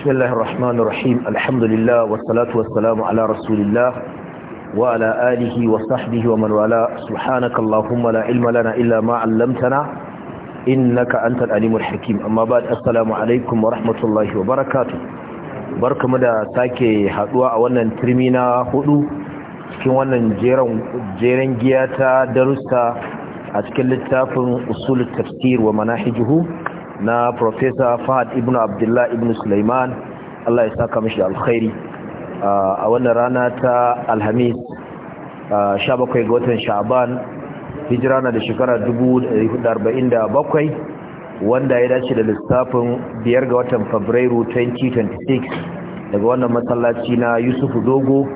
بسم الله الرحمن الرحيم الحمد لله والصلاة والسلام على رسول الله وعلى آله وصحبه ومن والاه سبحانك اللهم لا علم لنا إلا ما علمتنا إنك أنت العليم الحكيم أما بعد السلام عليكم ورحمة الله وبركاته barka mu da sake haduwa a wannan turmi na hudu cikin wannan jeren giya ta darussa a cikin littafin usul tafsir wa manahijuhu na Profesa fahad ibn abdullah ibn Sulaiman, allah ya saka mashi alkhairi uh, a wannan rana ta alhamis 17 uh, ga watan sha'aban hijira na da shekara 1447 wanda ya dace da lissafin 5 ga watan fabrairu 2026 daga wannan masallaci na Yusuf dogo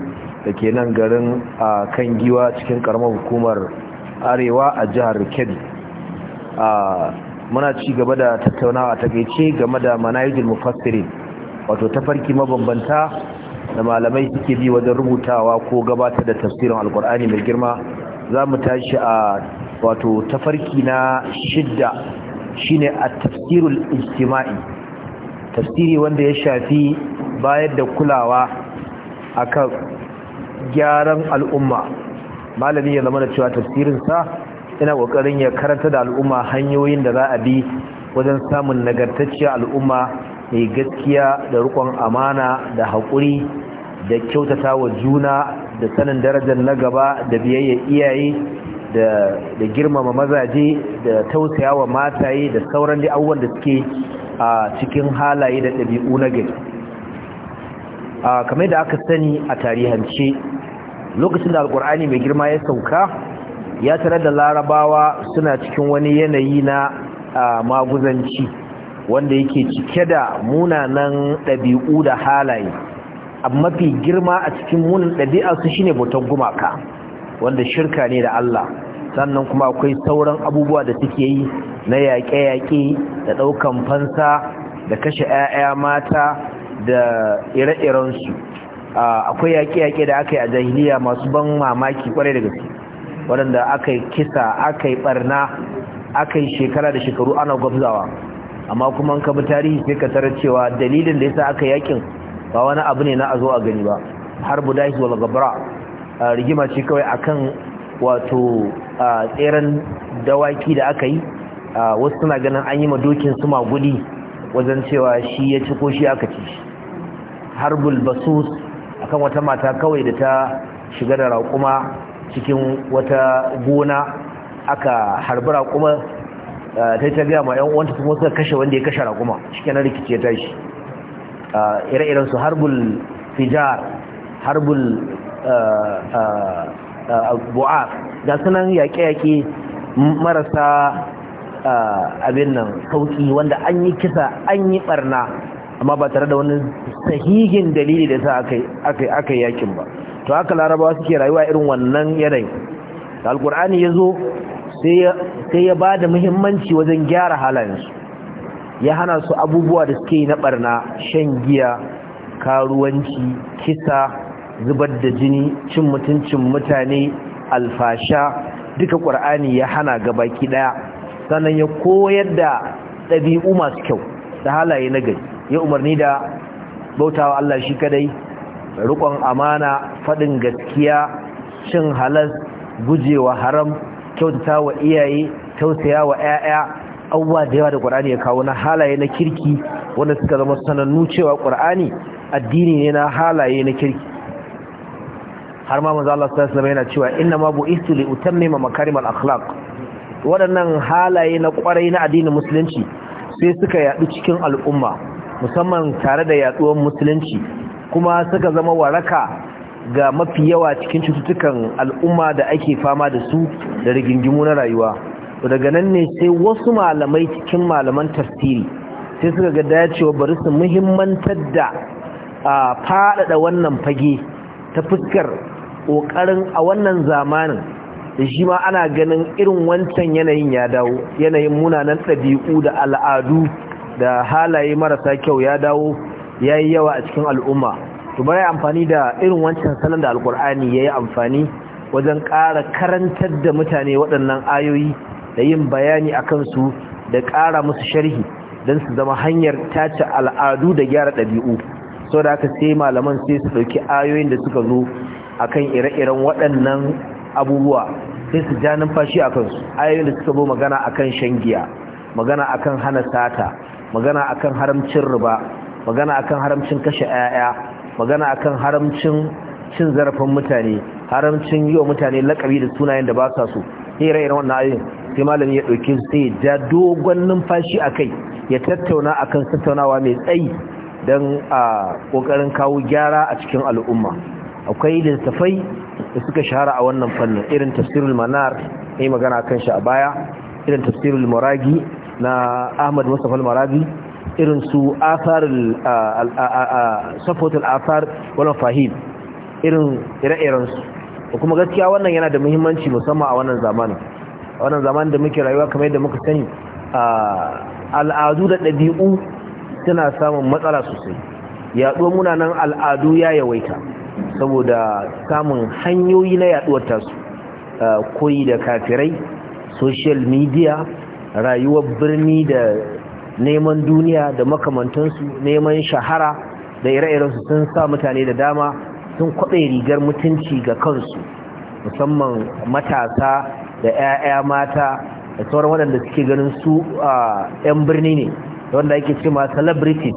da ke nan garin a uh, kan giwa cikin karamar hukumar arewa a jihar kebbi muna ci gaba da tattaunawa ta gaice game da manajin mufassirin wato tafarki mabambanta da malamai suke bi wajen rubutawa ko gabata da tafsirin alkur'ani mai girma za mu tashi a wato tafarki na shidda shine a tafsirul ijtima'i tafsiri wanda ya shafi bayar da kulawa akan gyaran al'umma malami ya zama da cewa tafsirinsa Ina ƙoƙarin ya karanta da al'umma hanyoyin da za a bi wajen samun nagartacciyar al'umma mai gaskiya da rikon amana da haƙuri da kyautata wa juna da sanin darajar na gaba da biyayya iyaye da girmama mazaje da tausayawa wa mataye da sauran da abubuwan da suke a cikin halaye da ɗabi'u na gari kamar da aka sani a tarihance lokacin da alkur'ani mai girma ya sauka ya tare da larabawa suna cikin wani yanayi na maguzanci wanda yake cike da munanan ɗabi'u da halaye a mafi girma a cikin munin su shine bautan gumaka wanda shirka ne da Allah sannan kuma akwai sauran abubuwa da suke yi na yaƙe-yaƙe da ɗaukan fansa da kashe 'ya'ya mata da ire-irensu akwai yaƙe-yaƙe da aka yi a jahiliya masu ban mamaki ƙwarai da gaske waɗanda aka yi kisa aka yi ɓarna aka yi shekara da shekaru ana gwamzawa amma kuma ka bi tarihi sai ka tarar cewa dalilin da ya sa aka yakin ba wani abu ne na a zo a gani ba har budahis wal gabra rigima ce kawai akan wato tseren dawaki da aka yi wasu suna ganin an yi madokin su maguli wajen cewa shi ya ci ko shi aka ci shi harbul basus akan wata mata kawai da ta shiga da raƙuma cikin wata gona aka harbi raƙuma eh, ta ta gaya ma yan wanta kuma suka kashe wanda ya kashe raƙuma shikenan rikici ya tashi eh, ire-iren su harbul fijar harbul eh, bu'a ga sunan yaƙe-yaƙe marasa abin nan sauƙi wanda an yi kisa an yi ɓarna amma ba tare da wani sahihin dalili da sa aka yi yakin ba to haka larabawa suke rayuwa irin wannan yanayi alkur'ani ya zo sai ya ba da muhimmanci wajen gyara halayensu ya hana su abubuwa da suke yi na barna shan giya karuwanci kisa zubar da jini cin mutuncin mutane alfasha duka ƙur'ani ya hana ga baki ɗaya sannan ya koyar da ɗabi'u masu kyau da halaye na gari ya umarni da bautawa Allah shi kadai rukon amana faɗin gaskiya cin halal gujewa haram kyautata wa iyaye tausaya wa 'ya'ya abubuwa da yawa da ƙwar'ani ya kawo na halaye na kirki wanda suka zama sanannu cewa ƙwar'ani addini ne na halaye na kirki har ma maza Allah sallallahu alaihi yana cewa inna ma bu'istu li utammima makarimal akhlaq waɗannan halaye na ƙwarai na addinin musulunci sai suka yaɗu cikin al'umma musamman tare da yaɗuwar musulunci kuma suka zama waraka ga mafi yawa cikin cututtukan al'umma da ake fama da su da rigingimu na rayuwa daga nan ne sai wasu malamai cikin malaman tafsiri sai suka ga cewa bari su muhimmantar da faɗaɗa wannan fage ta fuskar ƙoƙarin a wannan zamanin da shi ma ana ganin irin wancan yanayin ya dawo yanayin munanan ɗabi'u da al'adu da halaye marasa kyau ya dawo ya yi yawa a cikin al'umma to bari amfani da irin wancan salon da alkur'ani ya yi amfani wajen ƙara karantar da mutane waɗannan ayoyi da yin bayani a kansu da ƙara musu sharhi don su zama hanyar tace al'adu da gyara ɗabi'u sau da aka sai malaman sai su ɗauki ayoyin da suka zo a kan ire-iren waɗannan abubuwa sai su ja numfashi a kansu ayoyin da suka zo magana akan kan shan giya magana a hana sata magana a kan haramcin riba magana a haramcin kashe 'ya'ya magana akan haramcin cin zarafin mutane haramcin yi wa mutane lakabi da sunayen da ba sa so sai ire na wannan ayin sai malami ya ɗauki sai ja dogon numfashi a kai ya tattauna akan tattaunawa mai tsayi don a ƙoƙarin kawo gyara a cikin al'umma akwai littattafai da suka shahara a wannan fannin irin tafsirul manar ne magana kan shi a baya irin tafsirul maragi na ahmad musafal maragi irin su asar safotul asar wani fahim irin ire-iren su kuma gaskiya wannan yana da muhimmanci musamman a wannan zamanin a wannan zamanin da muke rayuwa kamar yadda muka sani al'adu da ɗabi'u suna samun matsala sosai yaɗuwar munanan al'adu ya yawaita saboda samun hanyoyi na yaɗuwar tasu koyi da kafirai social media rayuwar birni da neman duniya da makamantansu neman shahara da ire-irensu sun sa mutane da dama sun kwaɓe rigar mutunci ga kansu musamman matasa da 'ya'ya mata da sauran waɗanda suke ganin su a 'yan birni ne wanda ake cima ma celebrities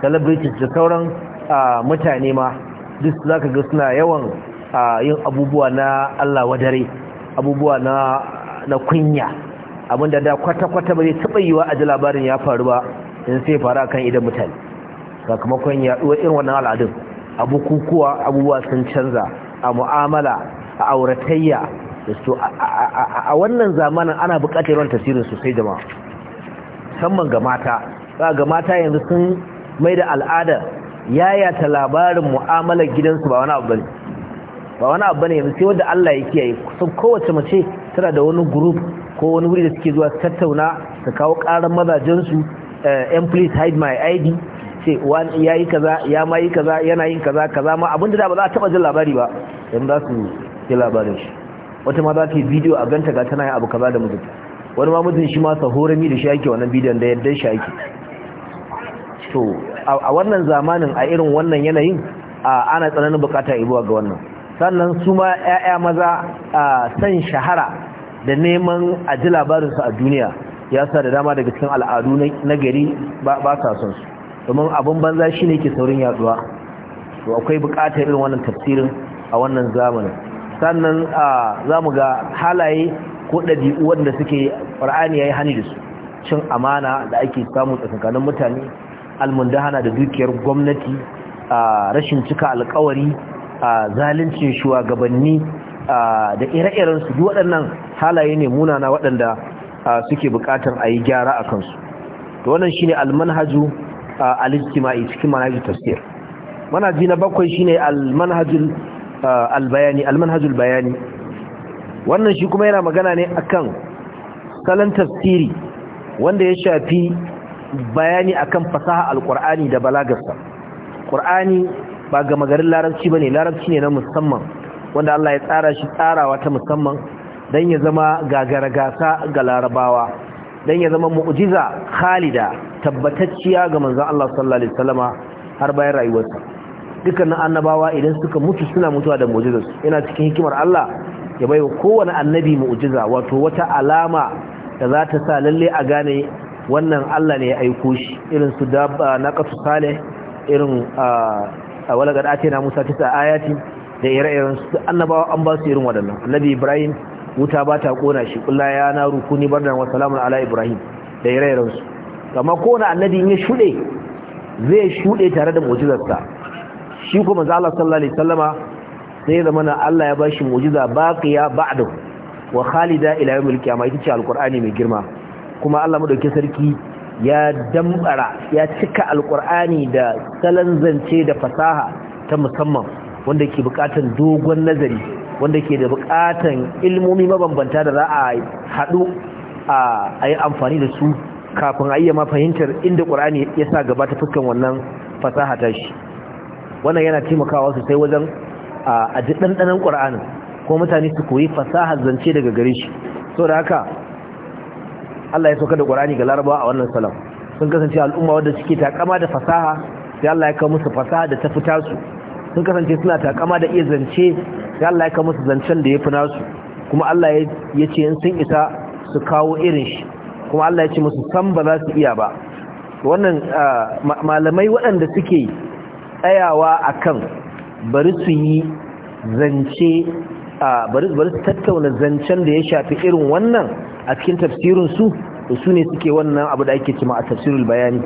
celebrities da sauran mutane ma duk za ka ga suna yawan yin abubuwa na allah wadare abubuwa na kunya abinda da da kwata-kwata ba zai taɓa yi a ji labarin ya faru ba in sai fara kan idan mutane sakamakon yaɗuwar irin wannan al'adun a bukukuwa abubuwa sun canza a mu'amala a auratayya a wannan zamanin ana buƙatar yawan tasirin sosai jama'a musamman ga mata ga mata yanzu sun mai da al'adar yayata labarin mu'amalar gidansu ba wani abu bane ba wani abu ne sai wanda Allah ya kiyaye kusan kowace mace tana da wani group ko wani wuri da suke zuwa tattauna su kawo karan mazajen su en eh, please hide my id sai wani ya yi kaza ya ma yi kaza yana yin kaza kaza ma abinda da ba za a taba jin labari ba yanzu za su ji labarin shi wata ma za ta yi bidiyo a ganta ga tana yin abu kaza da mijinta wani ma mijin shi ma horami da shi ake wannan bidiyon da yadda shi ake to a wannan zamanin a irin wannan yanayin ana tsananin bukata ibuwa ga wannan sannan su ma 'ya'ya maza a san shahara da neman aji labarinsu a duniya ya sa da dama daga cikin al'adu na gari ba sa son su domin abin banza shi ne ke saurin yaduwa to akwai bukatar irin wannan tafsirin a wannan zamanin sannan za mu ga halaye ko ɗabi'u wanda suke ƙwar'ani ya yi hani da su cin amana da ake samu tsakanin mutane almundahana da dukiyar gwamnati rashin cika alkawari a zalincin shugabanni da ire-iren su duk waɗannan halaye ne munana waɗanda suke buƙatar a yi gyara a kansu to wannan shine almanhaju al-ijtima'i cikin manhajul tafsir manhaji na bakwai shine ne albayani almanhajul bayani wannan shi kuma yana magana ne akan salon tafsiri wanda ya shafi bayani akan fasaha al-qur'ani da balagarsa qur'ani ba gama garin larabci bane larabci ne na musamman wanda Allah ya tsara shi tsarawa ta musamman dan ya zama gagara gasa ga larabawa dan ya zama mu'jiza khalida tabbatacciya ga manzan Allah sallallahu alaihi wasallama har bayan rayuwarsa dukkanin annabawa idan suka mutu suna mutuwa da mu'jizarsu yana cikin hikimar Allah ya baiwa kowane annabi mu'jiza wato wata alama da za ta sa lalle a gane wannan Allah ne ya aiko shi irin su dabba na kasu irin ah, a wala gada ce na musa tisa ayati da ire-iren su annabawa an ba su irin waɗannan annabi ibrahim wuta ba ta kona shi kulla ya na rukuni da wa salamun ala ibrahim da ire-iren su amma kowane annabi in ya shuɗe zai shuɗe tare da mu'jizarsa shi kuma za Allah sallallahu alaihi wasallama sai zama na Allah ya bashi mu'jiza baqiya ba'dahu wa khalida ila yawmil qiyamah ita ce alqur'ani mai girma kuma Allah madauki sarki ya dambara ya cika Alƙur'ani da salon zance da fasaha ta musamman wanda ke bukatan dogon nazari wanda ke da bukatar ilmomi mabambanta da za a haɗu a yi amfani da su kafin a iya ma fahimtar inda ƙur'ani ya sa gaba ta fuskan wannan fasaha ta shi wannan yana taimakawa sosai wajen a ji ɗanɗanon ƙur'anin kuma mutane su koyi fasahar zance daga gare shi so da haka Allah ya sauka da Qur'ani ga Larabawa a wannan salaf sun kasance al'umma wanda suke takama da fasaha sai Allah ya kawo musu fasaha da ta fita su sun kasance suna takama da iya zance sai Allah ya kawo musu zancen da ya fi nasu kuma Allah ya ce in sun isa su kawo irin shi kuma Allah ya ce musu san ba za su iya ba wannan ah, malamai waɗanda suke tsayawa akan bari su yi zance a bari bari tattauna zancen da ya shafi irin wannan a cikin tafsirin su su ne suke wannan abu da ake cewa a tafsirul bayani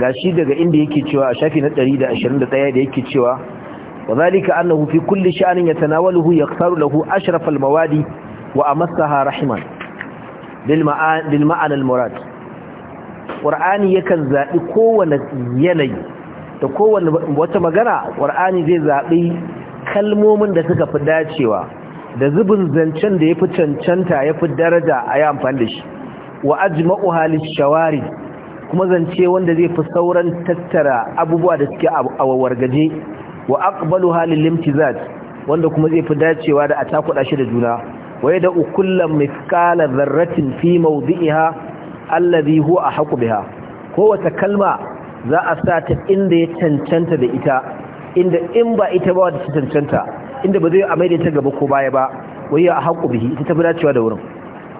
gashi daga inda yake cewa a shafi na 121 da yake cewa wazalika annahu fi kulli sha'anin yatanawaluhu yaktaru lahu ashraf almawadi wa amassaha rahiman bil ma'an bil ma'an qur'ani yakan zabi kowanne yanayi da kowanne wata magana qur'ani zai zabi kalmomin da suka fi dacewa da zubin zancen da ya fi cancanta ya fi daraja a yi amfani da shi wa ajma'u shawari kuma zance wanda zai fi sauran tattara abubuwa da suke a wargaje wa akbalu halil limtizaj wanda kuma zai fi dacewa da a takuɗa shi da juna waye da ukullan mithqala zarratin fi mawdi'iha alladhi huwa ahqu biha kowace kalma za a sa ta inda ya cancanta da ita inda in ba ita ba wata cancanta inda ba zai a da ta gaba ko baya ba wai ya haƙu bihi ita ta fi dacewa da wurin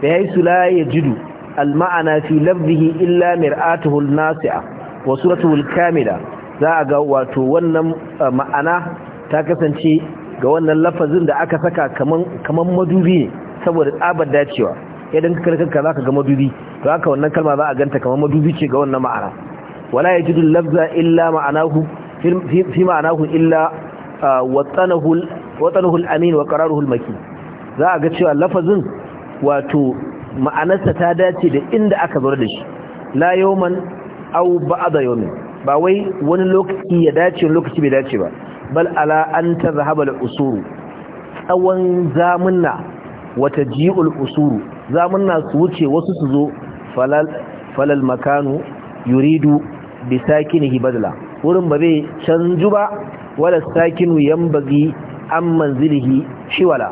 da ya yi su la ya jidu al-ma'ana fi lafzihi illa mir'atuhu nasi'a wa suratul kamila za a ga wato wannan uh, ma'ana ta kasance ga wannan lafazin da aka saka kaman kaman madubi ne saboda tsabar dacewa idan ka karkar ka zaka ga madubi to haka wannan kalma za a ganta kaman madubi ce ga wannan ma'ana wala yajidu lafza illa ma'anahu fi ma'anahu illa watsanahu al wa qararuhu al za a ga cewa lafazin wato ma'anarsa ta dace da inda aka zo da shi la yawman aw ba'da yawmin ba wai wani lokaci ya dace lokaci bai dace ba bal ala an tazhaba usuru tsawon zamunna wata ji'ul usuru zamunna su wuce wasu su zo falal makanu yuridu bi sakinihi badala. wurin ba zai canju ba wala sakinu yambagi an manzilihi shiwala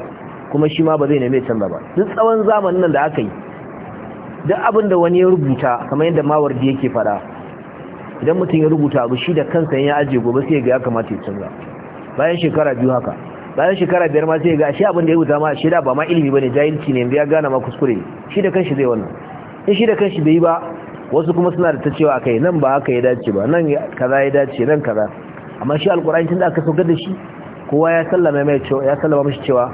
kuma shi ma ba zai neme canza ba duk tsawon zamanin nan da aka yi duk abin da wani ya rubuta kamar yadda mawar da yake fara idan mutum ya rubuta abu shi da kansa ya ajiye gobe sai ga ya kamata ya canza bayan shekara biyu haka bayan shekara biyar ma sai ga shi abin da ya rubuta ma shi da ba ma ilimi bane jahilci ne ya gane ma kuskure shi da kanshi zai wannan in shi da kanshi bai yi ba wasu kuma suna da ta cewa kai nan ba haka ya dace ba nan kaza ya dace nan kaza amma shi alkur'ani tun da aka saukar da shi kowa ya sallama mai cewa ya sallama mishi cewa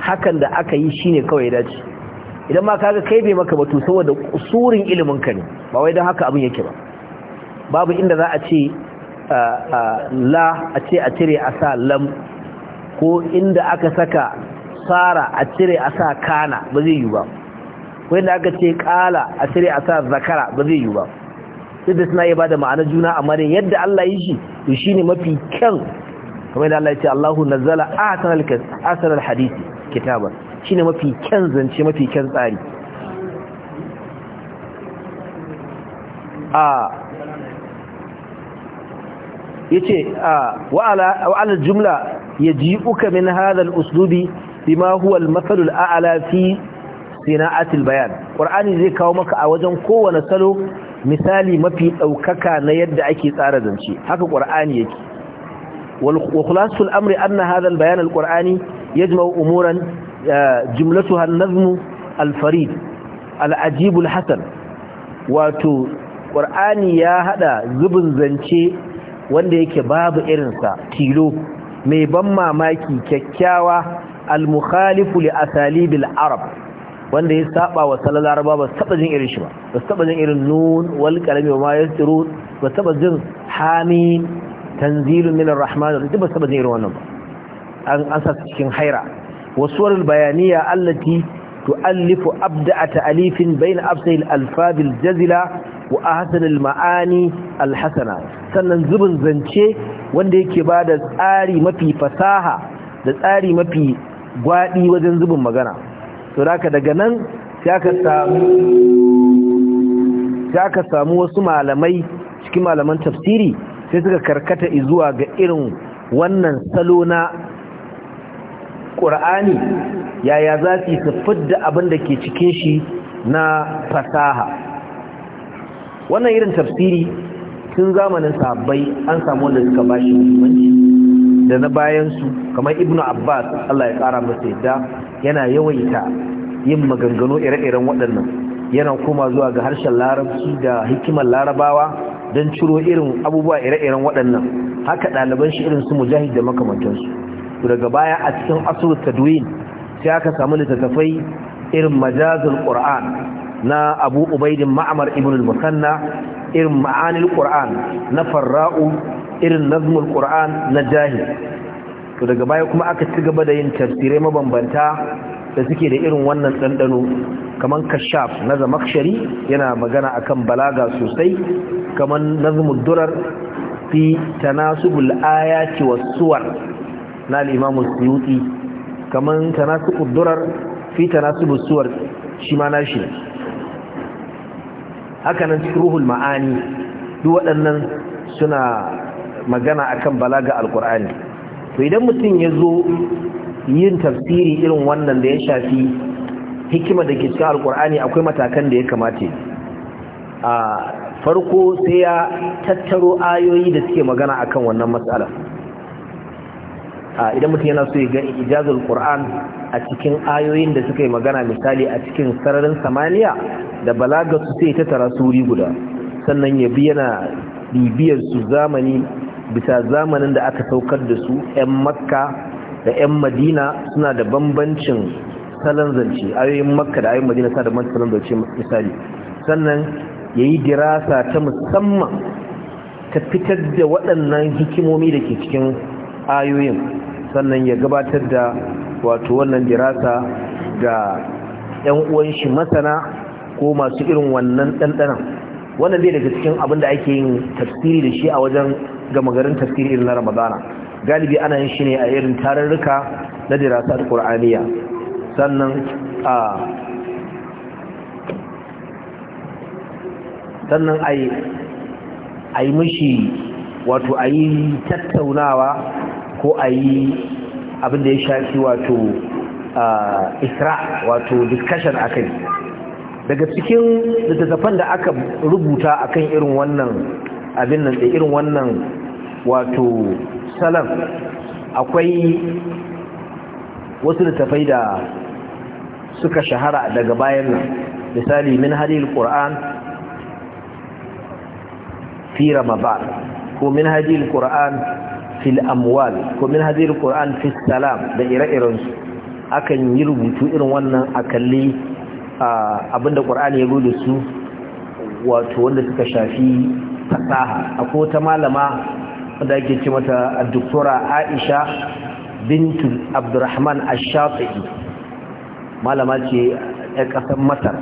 hakan da aka yi shine kawai ya dace idan ma kaga kai bai maka ba to saboda kusurin ilimin ka ne ba wai dan haka abin yake ba babu inda za a ce la a ce a cire a sa lam ko inda aka saka sara a cire a sa kana ba zai yi ba ko yadda aka ce kala a cire a sa zakara ba zai yi ba duk da suna iya ba da ma'anar juna amma dai yadda Allah yi shi to shine mafi kyan kamar yadda Allah ya ce Allahu nazzala ahsan al-ahsan al-hadith kitaban shine mafi kyan zance mafi kyan tsari a yace wa'ala wa'ala jumla yaji'uka min hadha al-uslubi bima huwa al-mathal al-a'la fi sina'atul bayan qur'ani zai kawo maka a wajen kowane salo misali mafi ɗaukaka na yadda ake tsara zance haka qur'ani yake wal amri anna hadha al bayan al ya yajma'u umuran eh, jumlatuha an alfarid al farid al al hasan wato ƙur'ani ya haɗa zubin zance wanda yake babu irinsa tilo mai ban mamaki kyakkyawa al-mukhalifu li asalibil arab wanda ya saba wa sallar laraba ba saba jin irin shi ba ba saba jin irin nun wal kalami wa ma yasirun ba saba jin hamim tanzilun minar rahman da ba saba jin irin wannan ba an asa cikin haira wasuwar bayaniya allati tu'allifu abda'ata alifin bayna afsahil alfabil jazila wa ahsanil ma'ani alhasana sannan zubin zance wanda yake ba da tsari mafi fasaha da tsari mafi gwadi wajen zubin magana to da daga nan sai aka samu wasu malamai cikin malaman tafsiri sai suka karkata zuwa ga irin wannan salo na ƙur'ani yaya za su yi da abin da ke cikin shi na fasaha wannan irin tafsiri tun zamanin sahabbai an samu wanda suka bashi muhimmanci da na bayansu kamar ibnu abbas allah ya kara masa yadda yana yawaita yin maganganu ire-iren waɗannan yana kuma zuwa ga harshen larabci da hikimar larabawa don ciro irin abubuwa ire-iren waɗannan haka ɗaliban shi irin su mujahid da makamantansu daga baya a cikin asur tadwin sai aka samu littattafai irin majazul qur'an na abu ubaidin ma'amar ibn al-musanna irin ma'anil qur'an na farra'u irin nazmul qur'an na jahil to daga baya kuma aka ci gaba da yin tafsirai mabambanta da suke da irin wannan ɗanɗano kamar kashaf na zamakshari yana magana akan balaga sosai kamar nazmud durar fi tanasubul ayati was suwar na al-imam kamar tanasubud durar fi tanasubus suwar shi ma nashi haka nan ruhul ma'ani duk waɗannan suna magana akan balaga alkur'ani to idan mutum ya zo yin tafsiri irin wannan da ya shafi hikima da ke cikin alkur'ani akwai matakan da ya kamata a farko sai ya tattaro ayoyi da suke magana akan wannan matsala idan mutum yana so ya ga ijazul qur'an a cikin ayoyin da suka yi magana misali a cikin sararin samaniya da Bala sai ta tara suri guda sannan ya bi yana bibiyar su zamani bisa zamanin da aka saukar da su 'yan makka da 'yan madina suna da bambancin salon zance ayoyin makka da ayoyin madina suna da bambancin salon zance misali sannan ya yi dirasa ta musamman ta fitar da waɗannan hikimomi da ke cikin ayoyin sannan ya gabatar da wato wannan dirasa ga 'yan uwan shi masana ko masu irin wannan ɗanɗanan wannan zai daga cikin abin da ake yin tafsiri da shi a wajen ga magarin tafsiri irin na ramadana galibi ana yin shi ne a irin tarurruka na dirasa alƙur'aniya sannan a sannan a yi mishi wato a yi tattaunawa ko a yi abinda ya shafi wato isra wato discussion a kai daga cikin littattafan da aka rubuta akan irin wannan abin nan da irin wannan wato salaf akwai wasu littafai da suka shahara daga bayan nan misali min halil qur'an fi ramadan ko min halil qur'an fil amwal ko min halil qur'an fi salam da ire-iren su akan yi rubutu irin wannan a kalli abinda qur'ani ya gudu su wato wanda suka shafi fasaha akwai ta malama da ake ce mata adduktora aisha bintu abdurrahman ashafi malama ce a ƙasar masar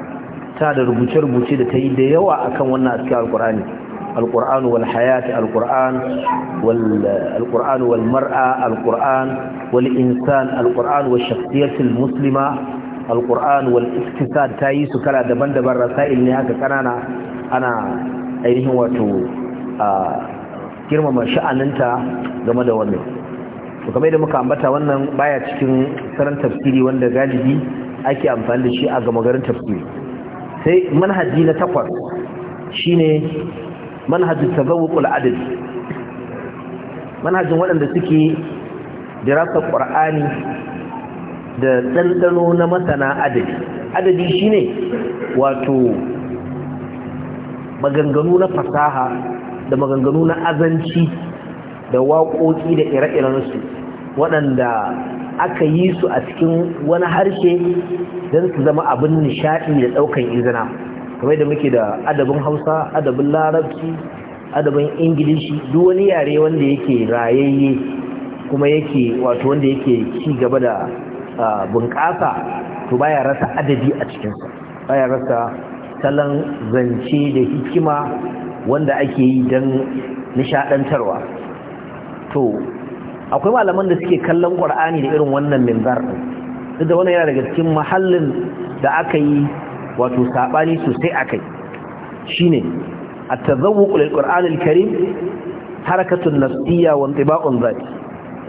ta da rubuce-rubuce da ta yi da yawa akan wannan aske alkur'ani alkur'an wal hayati alkur'an alkur'an wal mar'a alkur'an wal insan alkur'an wal shakhsiyatul muslima alkur'an wal iktisad ta yi su kala daban-daban rasail ne haka kanana ana ainihin wato girmama sha'aninta game da wannan to kamar da muka ambata wannan baya cikin tsaron tafsiri wanda galibi ake amfani da shi a gama garin tafsiri sai manhaji na takwas shine manhajin tazawuqul adad manhajin waɗanda suke dirasar qur'ani da ɗanɗano na masana adadi adadi shine wato maganganu na fasaha da maganganu na azanci da waƙoƙi da ire-irensu waɗanda aka yi su a cikin wani harshe don su zama abin nishaɗi da ɗaukan izina kamar da muke da adabin hausa adabin larabci adabin ingilishi duk wani yare wanda yake rayayye kuma yake wato wanda yake ci gaba da bunƙasa to baya rasa adabi a cikinsa baya rasa salon zance da hikima wanda ake yi don nishadantarwa to akwai malaman da suke kallon ƙwar'ani da irin wannan minzar duk da wannan yana daga cikin mahallin da aka yi wato saɓani sosai a kai shi ne a ƙulil ƙwar'anil karim harakatun nasiya ba tiba'un zati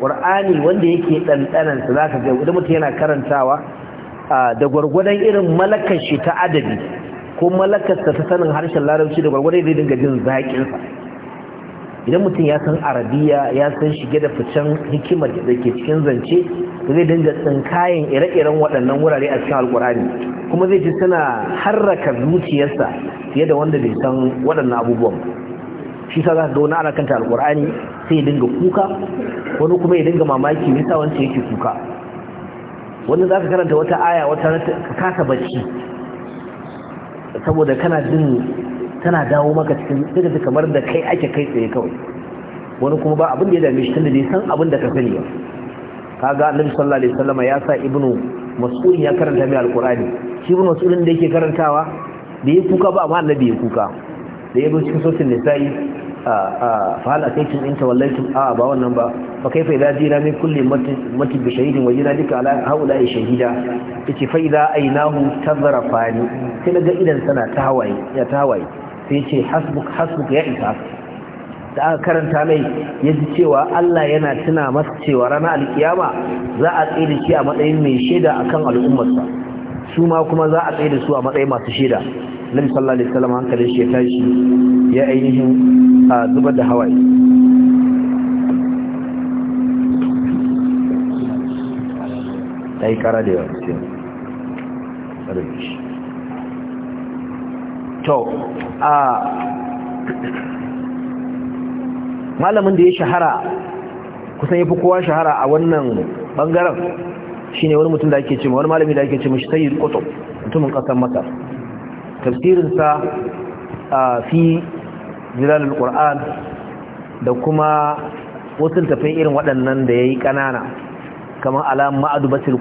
ƙwar'ani wanda yake ɗanɗanansa za ka ga idan mutum yana karantawa da gwargwadon irin malakar ta adabi ko malakarsa ta sanin harshen larabci da gwargwado zai dinga jin zaƙinsa idan mutum ya san arabiya ya san shige da ficen hikimar da ke cikin zance zai dinga tsinkayen ire-iren waɗannan wurare a cikin alkurani kuma zai ji suna harraka zuciyarsa fiye da wanda bai san waɗannan abubuwan shi sa za ka ga wani ana kanta alkurani sai ya dinga kuka wani kuma ya dinga mamaki nisa wancan yake kuka wani za ka karanta wata aya wata ka kasa bacci saboda kana jin tana dawo maka cikin sai da kamar da kai ake kai tsaye kawai wani kuma ba abin da ya dame shi tunda bai san abin da ka sani ba kaga annabi sallallahu alaihi wasallam ya sa ibnu mas'ud ya karanta mai alqur'ani shi ibnu mas'ud da yake karantawa da ya kuka ba amma annabi ya kuka da ya zo cikin sosin nisa'i fahal kai cin inta wallaitun a'a ba wannan ba ba kai fa'ida jina min kulle matibbi shahidin waje jina duka ala haula ya shahida ta ce fa'ida a yi nahu na ga idan sana ya tawaye sai ce hasbuk hasbuk ya isa da aka karanta mai ya ji cewa allah yana tuna masa cewa rana alkiyama za a tsaye shi a matsayin mai shaida akan al'ummarsa su ma kuma za a tsaye da su a matsayin masu shaida nabi sallallahu alaihi wasallam hankalin shi ya tashi ya ainihin a zubar da hawaye ta yi kara da yawa to a malamin da ya shahara kusan ya fi kowa shahara a wannan bangaren shine wani mutum da ake ce wani malami da ake ce shi sayyid qutb mutumin kasar masar tafsirinsa a fi jilalul ƙur'an da kuma wasu tafin irin waɗannan da ya yi ƙanana kamar alam ma'adu basil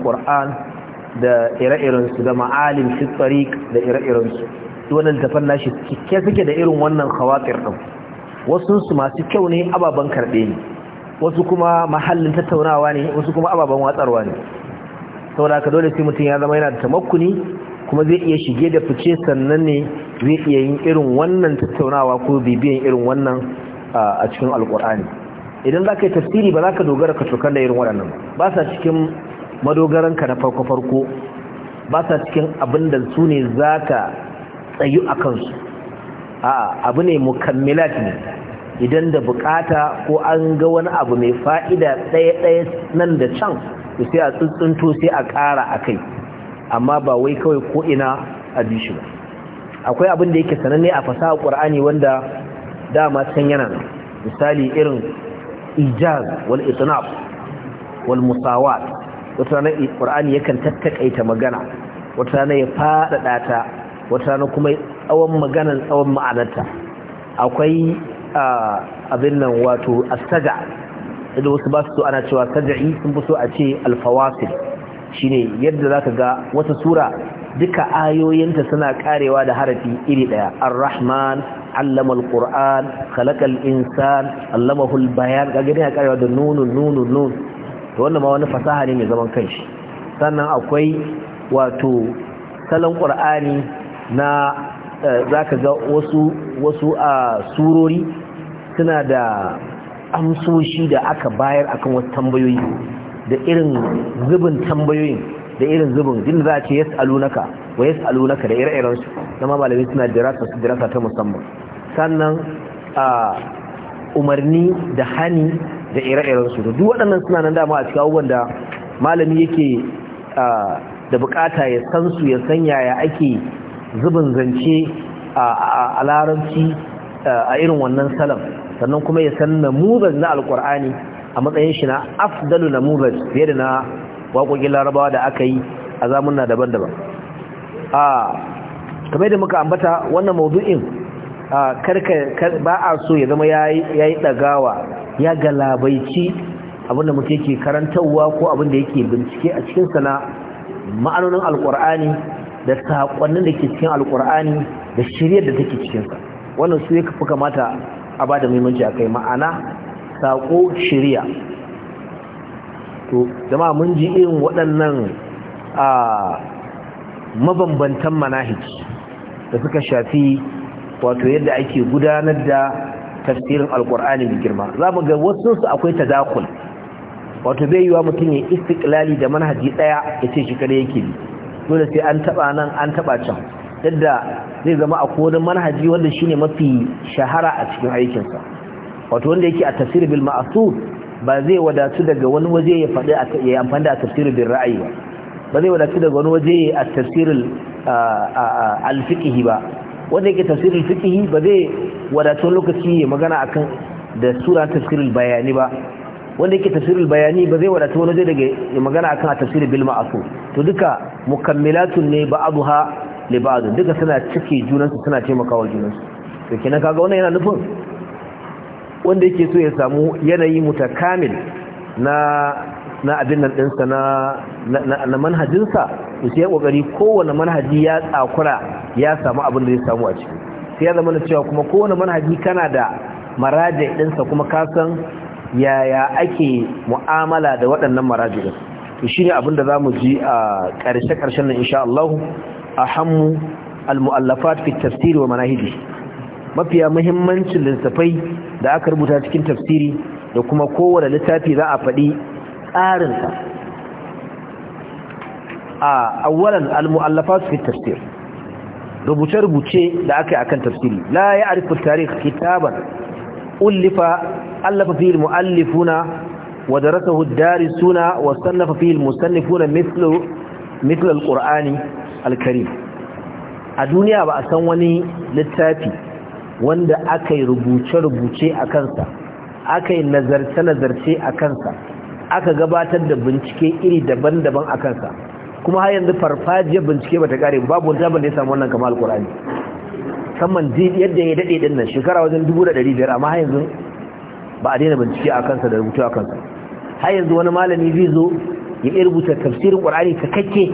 da ire-irensu da ma'alin fitsari da ire-irensu wannan tafan nashi cike suke da irin wannan khawatir ɗin su masu kyau ne ababen karɓe ne wasu kuma mahallin tattaunawa ne wasu kuma ababen watsarwa ne saboda haka dole sai mutum ya zama yana da tamakkuni kuma zai iya shige da fice sannan ne zai iya yin irin wannan tattaunawa ko bibiyan irin wannan a cikin alkur'ani idan za ka yi tafsiri ba za ka dogara ka tukar da irin waɗannan ba sa cikin madogaran ka na farko-farko ba sa cikin abin da su ne za ka tsayu a kansu a abu ne mukammilat ne idan da bukata ko an ga wani abu mai fa'ida ɗaya-ɗaya nan da can sai a tsuntsunto sai a ƙara a kai amma ba wai kawai ko ina a ba akwai abin da yake sananne a fasaha qur'ani wanda dama can yana nan misali irin ijaz wal itnab wal musawat wata rana qur'ani yakan tattakaita magana wata rana ya faɗaɗata ta wata rana kuma tsawon maganan tsawon ma'anarta akwai abin nan wato astaga idan wasu ba su ana cewa sajai sun fi so a ce alfawasil shine yadda zaka ga wata sura duka ayoyinta suna karewa da harafi iri daya ar-rahman allama al-qur'an khalaqal insan allamahu al-bayan karewa da nunun nunun nun to wannan ma wani fasaha ne mai zaman kanshi sannan akwai wato salon qur'ani na eh, zaka ga wasu wasu a surori suna da amsoshi da aka bayar akan wasu tambayoyi da irin zubin tambayoyin da irin zubin din za a ce alunaka wa alunaka da ire irensu su malamai suna dirasa su dirasa ta musamman sannan a umarni da hani da ire irensu. Da duk waɗannan suna nan dama a cikin abubuwan da malami yake da bukata ya san su ya san yaya ake zubin zance a larabci a irin wannan salam sannan kuma ya san namuzan na alkur'ani a matsayin shi na afdalu na namuzaj fiye da na waƙoƙin larabawa da aka yi a zamunna daban-daban a kamar da muka ambata wannan maudu'in ba a so ya zama ya yi ɗagawa ya galabaici abinda mutum ke karantarwa ko abinda yake bincike a cikinsa na ma'anonin alƙur'ani da saƙonnin da ke cikin alƙur'ani da shiryar da take cikinsa wannan su ya fi kamata a ba da muhimmanci a kai ma'ana saƙo shirya to jama'a mun ji irin waɗannan a mabambantan manahij da suka shafi wato yadda ake gudanar da tafsirin Alƙur'ani mai girma za mu ga wasu su akwai tadakul wato bai yiwa mutum ya istiklali da manhaji ɗaya ya ce shi kare yake bi dole sai an taɓa nan an taɓa can yadda zai zama a kodin manhaji wanda shine mafi shahara a cikin aikinsa wato wanda yake a tafsir bil ma'suf ba zai wadatu daga wani waje ya faɗi ya amfani da tafsir bil ra'ayi ba ba zai wadatu daga wani waje a tafsir al fiqhi ba wanda yake tafsir al fiqhi ba zai wadatu lokaci ya magana akan da sura tafsir al bayani ba wanda yake tafsir al bayani ba zai wadatu wani waje daga ya magana akan tafsir bil ma'suf to duka mukammilatun ne ba'dha li ba'd duka suna cike junansu suna taimakawa junansu to kenan kaga wannan yana nufin wanda yake so ya samu yanayi mutakamil na na abin nan ɗinsa na na manhajinsa to sai ya kokari kowane manhaji ya tsakura ya samu abin da ya samu a ciki sai ya zama cewa kuma kowane manhaji kana da maraje ɗinsa kuma ka san yaya ake mu'amala da waɗannan maraje ɗin to shine abin da mu ji a ƙarshe ƙarshen nan insha Allah ahammu al-mu'allafat fi tafsir wa manahiji mafiya muhimmancin littafai da aka rubuta cikin tafsiri da kuma kowane littafi za a faɗi tsarinsa a awwalan al su fi tafsir rubuce-rubuce da aka yi kan tafsiri la ya'rifu tarikh kitaban ullifa allafa fihi muallifuna wa rasa ad suna, wa sannafa fihi musannifuna mithlu mithlu al a duniya ba a san wani littafi wanda aka yi rubuce-rubuce a kansa aka yi nazarce-nazarce a kansa aka gabatar da bincike iri daban-daban a kansa kuma har yanzu farfajiyar bincike ba ta kare babu wata zaɓin da ya samu wannan kama alkurani musamman yadda ya daɗe ɗin nan shekara wajen dubu da ɗari biyar amma har yanzu ba a daina bincike a kansa da rubutu a kansa har yanzu wani malami zai zo ya iya rubuta tafsirin ƙwarari ta kakke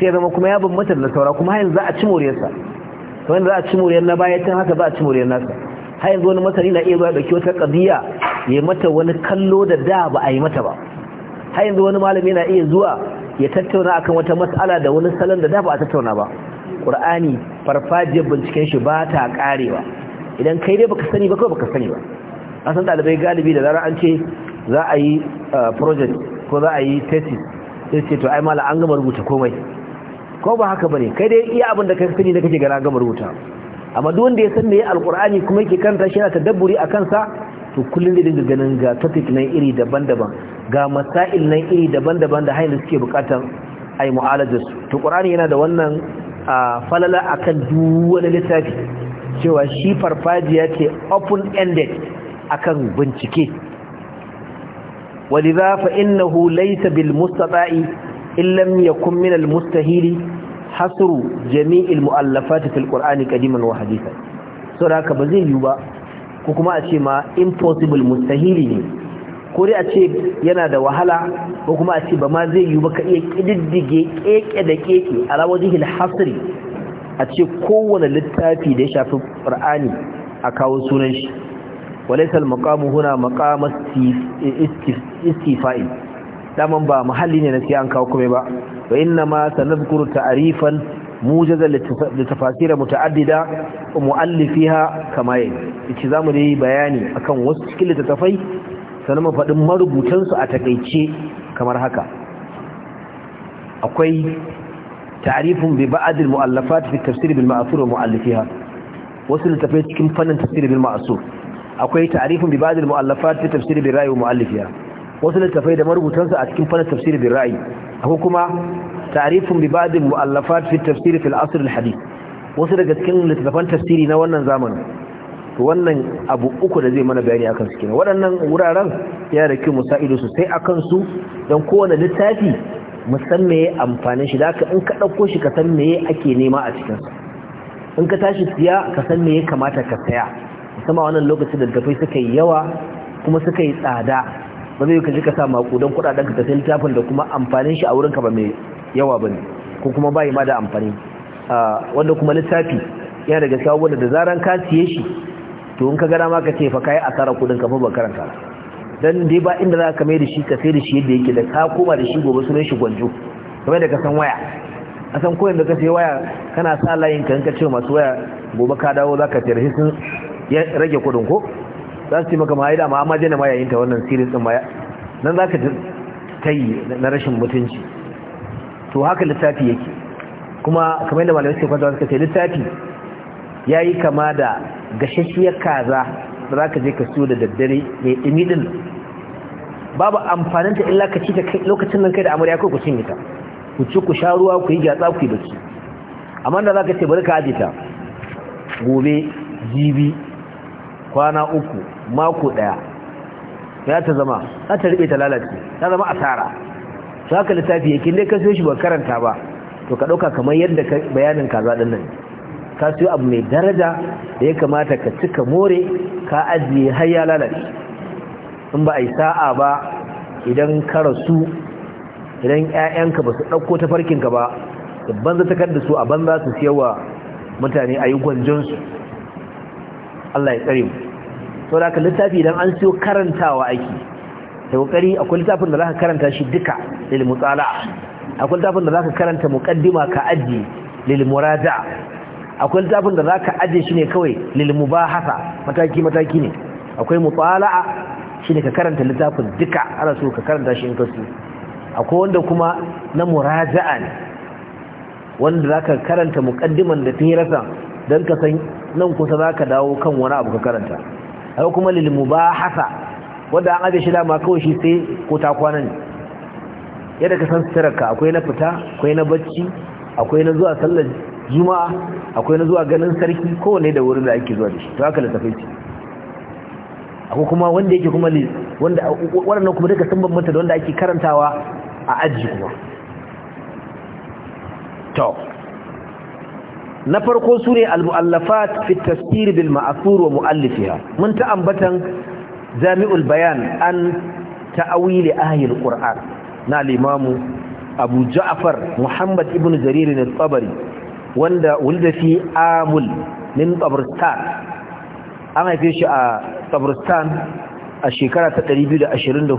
sai zama kuma ya bambanta da saura kuma har yanzu za a ci moriyarsa wanda za a ci na baya tun haka za a ci moriyar nasa har yanzu wani masani na iya zuwa wata qadiya ya mata wani kallo da da ba a yi mata ba har yanzu wani malami na iya zuwa ya tattauna akan wata matsala da wani salon da da ba a tattauna ba ƙur'ani farfajiyar binciken shi ba ta karewa idan kai dai baka sani ba kawai baka sani ba an san ɗalibai galibi da zarar an ce za a yi uh, project ko za a yi tesis sai ce to ai mala an gama rubuta komai ko ba haka bane kai dai iya abin da ka sani da kake gara gama rubuta amma duk wanda ya san me alqur'ani kuma yake kanta shi yana tadabburi akan sa to kullun da dinga ganin ga topic nan iri daban-daban ga masail nan iri daban-daban da hayin suke bukatar ai mu'alajar su to qur'ani yana da wannan falala akan duk wani littafi cewa shi farfajiya ce open ended akan bincike fa ولذا فإنه ليس بالمستطاع illam yakun min almustahili hasru jami'il mu'allafati fil qur'ani qadiman wa hadithan so da haka ba zai yiwu ba ko kuma a ce ma impossible mustahili ne ko dai a ce yana da wahala ko kuma a ce ba ma zai yiwu ba ka iya kididdige keke da keke ala wajhil hasri a ce kowane littafi da ya shafi qur'ani a kawo sunan shi walaysa al-maqamu huna maqamat istifa'i daman ba muhalli ne na sai an kawo kuma ba wa inna ma sanadhkuru ta'rifan mujazal litafasir muta'addida wa muallifiha kama yayi ici zamu dai bayani akan wasu cikin littattafai sannan mu faɗin marubutan su a takeice kamar haka akwai ta'rifun bi ba'd al-mu'allafat fi tafsir bil ma'thur wa muallifiha wasu littattafai cikin fannin tafsir bil ma'thur akwai ta'rifun bi ba'd al-mu'allafat fi tafsir bil ra'y wa muallifiha wasu littafai da marubutansu a cikin fannin tafsir bin ra'ayi akwai kuma ta'rifun bi ba'd mu'allafat fi tafsir fil asr al hadith wasu daga cikin littafan tafsiri na wannan zamanin to wannan abu uku da zai mana bayani akan su kenan waɗannan wuraren yana da kyau mu sa ido sosai akan su don kowane littafi mu san meye amfanin shi da in ka ɗauko shi ka san meye ake nema a cikin sa in ka tashi siya ka san meye kamata ka saya musamman wannan lokacin da dafai suka yi yawa kuma suka yi tsada ba zai ka ji ka sa makudan kudaden ka ta sai littafin da kuma amfanin shi a wurin ka ba mai yawa bane ko kuma bai ma da amfani ah, wanda kuma littafi yana daga sabon da zaran ka siye shi to in ka ga dama ka ce fa kai asara kudin ka fa ba karanta dan dai ba inda za ka mai da shi ka sai da shi yadda yake da ka koma da shi gobe sunan shi gwanjo kamar da ka san waya a san koyin da ka sai waya kana sa layin ka in ka ce masu waya gobe ka dawo za ka tarihi sun rage kudin ko za su ce maka ma'aida ma amma jana ma yayin wannan series din ma nan za ka ta yi na rashin mutunci to haka littafi yake kuma kamar yadda malamai suke kwanta suka ce littafi ya yi kama da gashashiyar kaza da za ka je ka siyo da daddare mai ɗumi ɗin babu amfaninta illa ka ci ta lokacin nan kai da amarya ko ku cinye ta ku ci ku sha ruwa ku yi gyatsa ku yi bacci amma da za ka ce bari ka aje ta gobe jibi kwana uku mako daya ya ta zama za ta riɓe ta lalace ta zama asara su haka littafi yake ne ka siyo shi ba karanta ba to ka ɗauka kamar yadda bayanin kaza ɗin nan ka sayo abu mai daraja da ya kamata ka cika more ka ajiye har ya lalace in ba a yi sa'a ba idan ka rasu idan 'ya'yanka ba su ɗauko ta farkinka ba da banza takar da su a banza su siyarwa mutane a yi gwanjonsu Allah ya tsare mu sau da littafi idan an siyo karantawa aiki da kokari akwai littafin da za ka karanta shi duka lil mutsala akwai littafin da za ka karanta muqaddima ka aji lil muraja akwai littafin da za ka aji shi ne kawai lil mubahasa mataki mataki ne akwai mutsala shi ne ka karanta littafin duka ana so ka karanta shi in ka so akwai wanda kuma na muraja'a ne wanda za ka karanta muqaddiman da yi rasa, don ka san nan kusa za ka dawo kan wani abu ka karanta akwai kuma lil mubahasa wanda an aje shi dama kawai shi sai ko ta kwana ne yadda ka san sitararka akwai na fita akwai na bacci akwai na zuwa sallar juma'a akwai na zuwa ganin sarki kowane da wurin da ake zuwa da shi to haka littafai ce akwai kuma wanda yake kuma wanda waɗannan kuma duka sun bambanta da wanda ake karantawa a aji kuma to na farko su ne al-mu'allafat fi tafsir bil ma'thur wa mu'allifiha mun ta ambatan jami'ul bayan an ta'awili ahil al-qur'an na limamu imam abu muhammad ibn jariri al wanda wulda fi amul min qabristan an haife shi a qabristan a shekara ta 224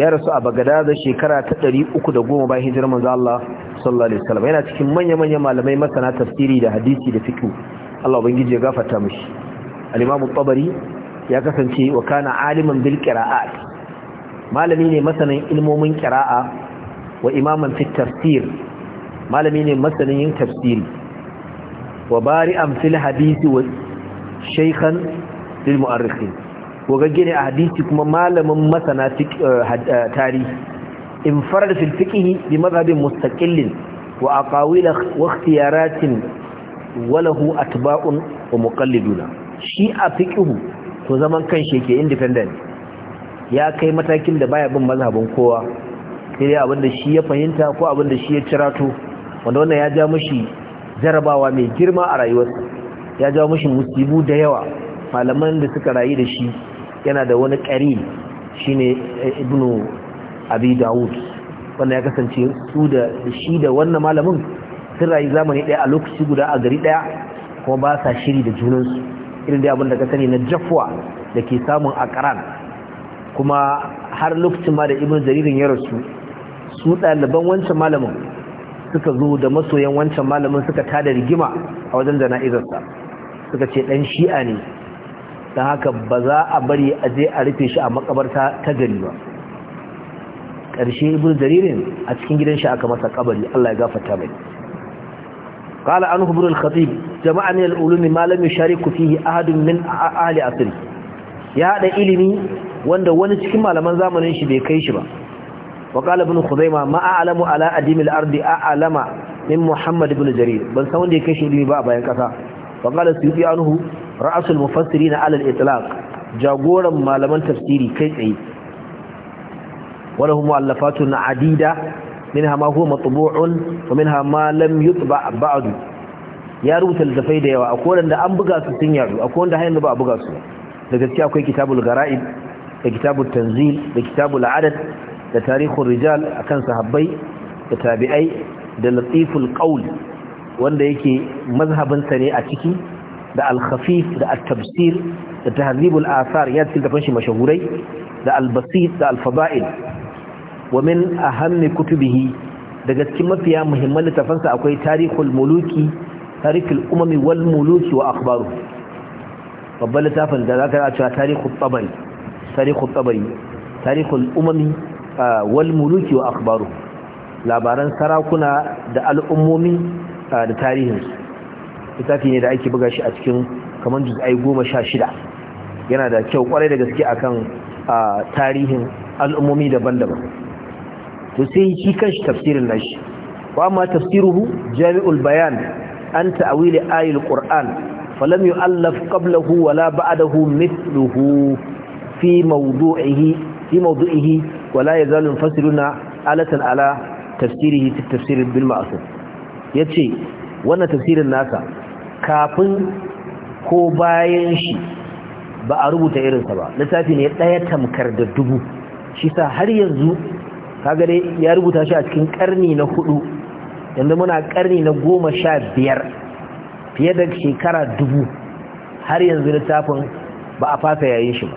ya rasu a bagadaza shekara ta 310 bayan hijirar manzo Allah sallallahu alaihi wasallam yana cikin manya-manya malamai masana tafsiri da hadisi da fiqh Allah ubangiji ya gafarta mishi al-Imam tabari ya kasance wa kana aliman bil qira'at malami ne masanin ilmomin qira'a wa imaman fi tafsir malami ne masanin yin tafsiri wa bari'an fil hadisi wa shaykhan lil mu'arrikhin wagagge ne a hadisi kuma malamin masana eh, eh, tarihi in farar fil fiqhi bi mazhabin mustaqillin wa aqawil wa ikhtiyaratin wa lahu atba'un wa muqalliduna shi a fiqhu to zaman kanshi yake independent ya kai matakin da baya bin mazhabin kowa sai abinda shi ya fahimta ko abinda shi ya cirato wanda wannan ya ja mishi jarabawa mai girma a rayuwarsa ya ja mashi musibu da yawa malaman da suka rayu da shi yana da wani ƙari ne eh, ibnu abi dawud wanda ya kasance su da shi da wannan malamin sun rayu zamani ɗaya a lokaci guda a gari ɗaya kuma ba sa shiri da junansu irin da abin da ka sani na jafwa da ke samun a ƙaran kuma har lokacin ma da ibn jaririn ya rasu su ɗaliban wancan malamin suka zo da masoyan wancan malamin suka tada rigima a wajen jana'izarsa suka ce ɗan shi'a ne Da haka ba za a bari a je a rufe shi a makabarta ta gari ba ƙarshe ibn jaririn a cikin gidan shi aka masa kabari Allah ya gafarta mai qala an hubur al jama'a ne al ulumi ma lam yushariku fihi ahad min ahli asr ya haɗa ilimi wanda wani cikin malaman zamanin shi bai kai shi ba wa qala ibn khuzaimah ma a'lamu ala adim al ardi a'lama min muhammad ibn jarir ban san wanda ya kai shi ilimi ba a bayan kasa wa qala suyuti anhu ra'asul mufassiri na alal itlaq jagoran malaman tafsiri kai tsaye walahu mu'allafatun adida minha ma huwa matbu'un wa minha ma lam yutba ba'd ya rubuta littafai da yawa akwai wanda an buga su sun yaro akwai wanda har ba a buga su da gaskiya akwai kitabul gara'id da kitabul tanzil da kitabul adad da tarihul rijal akan sahabbai da tabi'ai da latiful qaul wanda yake mazhabinsa ne a ciki da al da at-tafsir da tahdhibul athar ya cikin tafan shi mashahurai da al-basit da al-fada'il wa min ahammi kutubihi daga cikin mafiya muhimman littafansa akwai tarihul muluki tarihul umami wal muluki wa akhbaru babban littafin da zaka yi cewa tarihul tabari tarihul tabari tarihul umami wal muluki wa akhbaru labaran sarakuna da al'ummomi da tarihinsu littafi ne da ake buga shi a cikin kamar juz'ai goma sha shida yana da kyau kwarai da gaske akan tarihin al'ummomi daban-daban to sai shi kanshi tafsirin nashi wa amma tafsiruhu jami'ul bayan an ta'awili ayil qur'an falam yu'allaf qablahu wala ba'dahu mithluhu fi mawdu'ihi fi mawdu'ihi wala yazalu fasiruna alatan ala tafsirihi fi tafsir bil Ya yace wannan tafsirin nasa kafin ko bayan shi ba a rubuta irinsa ba littafi ne ɗaya tamkar da dubu shi sa har yanzu kaga dai ya rubuta shi a cikin ƙarni na hudu yanzu muna ƙarni na goma sha biyar fiye da shekara dubu har yanzu littafin ba a fasa yayin shi ba